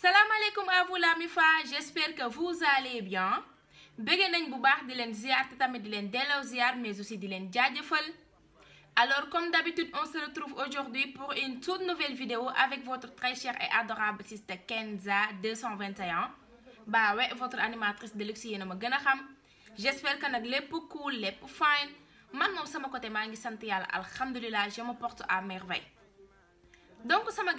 Salam alaikum à vous la j'espère que vous allez bien. Je nañ bu baax di len mais aussi di alors comme d'habitude on se retrouve aujourd'hui pour une toute nouvelle vidéo avec votre très chère et adorable sister Kenza 221 bah ouais votre animatrice de luxe ma gëna xam j'espère que les lépp cool lépp fine man mom sama côté ma ngi à je me porte à merveille donc sama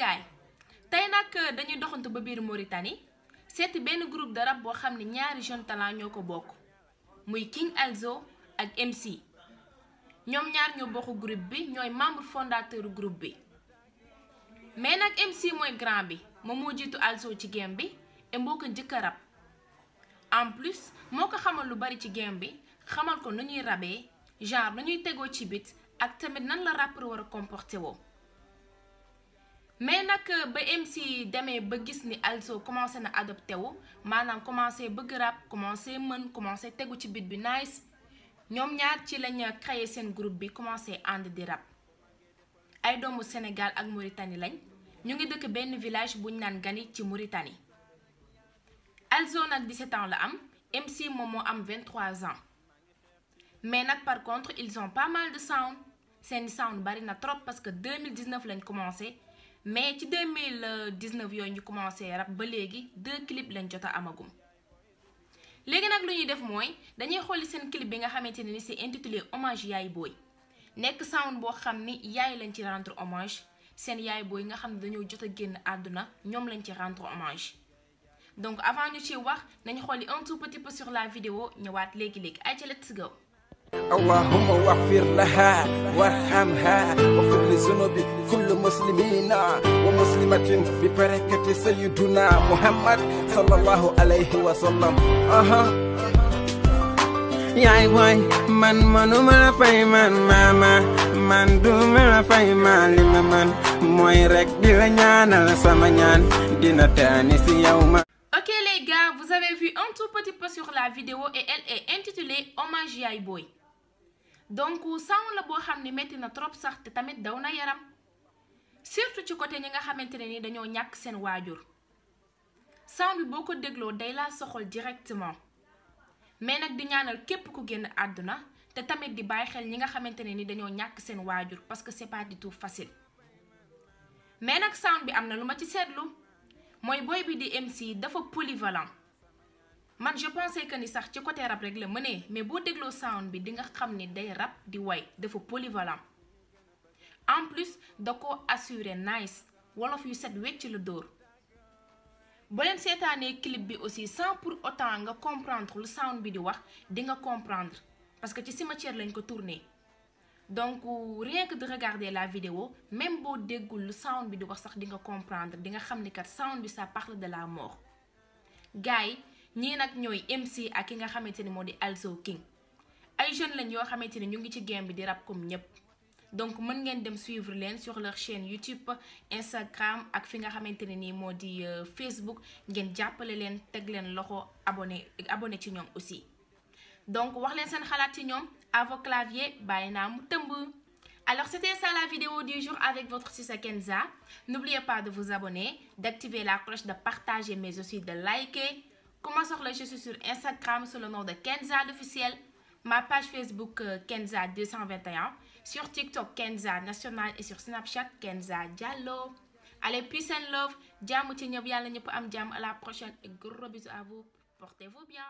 tey nag euh, dañuy doxantu ba biir Mauritanie seeti benn groupe de rap boo xam ne ñaari jeune talent ñoo ko bokk muy King Alzo ak MC ñoom ñaar ñoo bokk groupe bi ñooy membre fondateur group bi mais nag MC mooy grand bi moom moo jiitu Alzo ci game bi et moo ko njëkk a en plus moo ko xamal lu bari ci game bi xamal ko nu ñuy rabee genre nu ñuy tegoo ci bit ak tamit nan la rappeur war a comporté woo mais nag ba MC demee ba gis ni also commencé na adopté wu maanaam commencé bëgg rap commencé mën commencé tegu ci bit bi nice ñoom ñaar ci lañ créé seen groupe bi commencé ànd di rap ay doomu Sénégal ak Mauritanie lañ ñu ngi dëkk benn village buñ naan Gani ci Mauritanie also nag 17 ans la am MC moom moo am 23 ans mais nag par contre ils ont pas mal de sound seen sound bari na trop parce que 2019 lañ commencé. mais ci 2019 yooyu ñu commencé rap ba léegi deux clips lañ jot a amagum léegi nag lu ñuy def mooy dañuy xooli seen clip bi nga xamante ne ni c'est intitulé hommage yaay booy nekk sound boo xam ni yaay lañ ci rentre hommage seen yaay booy nga xam ne dañoo jot a génn àdduna ñoom lañ ci rentre hommage donc avant ñu ciy wax nañu xooli un tout petit peu sur la vidéo ñëwaat léegi léegi ay ca si go اللهم وفر لها وارحمها وفر لذنوب كل مسلمين ومسلمة ببركة سيدنا محمد صلى الله عليه وسلم أها يا واي من منو مرا فايمان ماما من دو مرا فايمان لما من موي رك دي لنان سما نان دينا تاني يوم OK les gars vous avez vu un tout petit peu sur la vidéo et elle est intitulée hommage à Boy donc son la boo xam ne métti na trop sax te tamit daw na yaram surtout ci côté ñi nga xamante ne ni dañoo ñàkk seen waajur son bi boo ko dégloo day laa soxal directement mais nag di ñaanal képp ku génn àdduna te tamit di bàyyi xel ñi nga xamante ne ni dañoo ñàkk seen waajur parce que c'est pas du tout facile mais nag sound bi am na lu ma ci seetlu mooy boy bi di MC dafa polyvalent man je pensais que ni sax ci côté rap rek la mais sound bi di nga rap di way polyvalent en plus dako assurer nice wolof yu set wecc le dor ba len sétané clip bi aussi sans pour autant nga comprendre le sound bi di wax di nga comprendre parce que ci cimetière lañ ko donc rien que de regarder la vidéo même bo déggul un sound bi di wax sax di nga comprendre sound bi ça parle de la mort gars ñii nak ñoy MC ak ki nga xamanteni modi Alzo King ay jeunes lañ yo xamanteni ñu ngi ci game bi di rap comme ñep donc vous ngeen dem suivre sur leur chaîne YouTube Instagram ak fi nga euh, Facebook ngeen pouvez leen tegg leen loxo abonné abonné ci aussi donc wax leen seen xalaat ci ñom à vos claviers à Alors c'était ça la vidéo du jour avec votre Sisa Kenza. N'oubliez pas de vous abonner, d'activer la cloche, de partager mais aussi de liker. Commencez sur le Je sur Instagram sous le nom de Kenza l'officiel. Ma page Facebook euh, Kenza221. Sur TikTok Kenza National et sur Snapchat Kenza Diallo. Allez, peace and love. jam à la prochaine et gros bisous à vous. Portez-vous bien.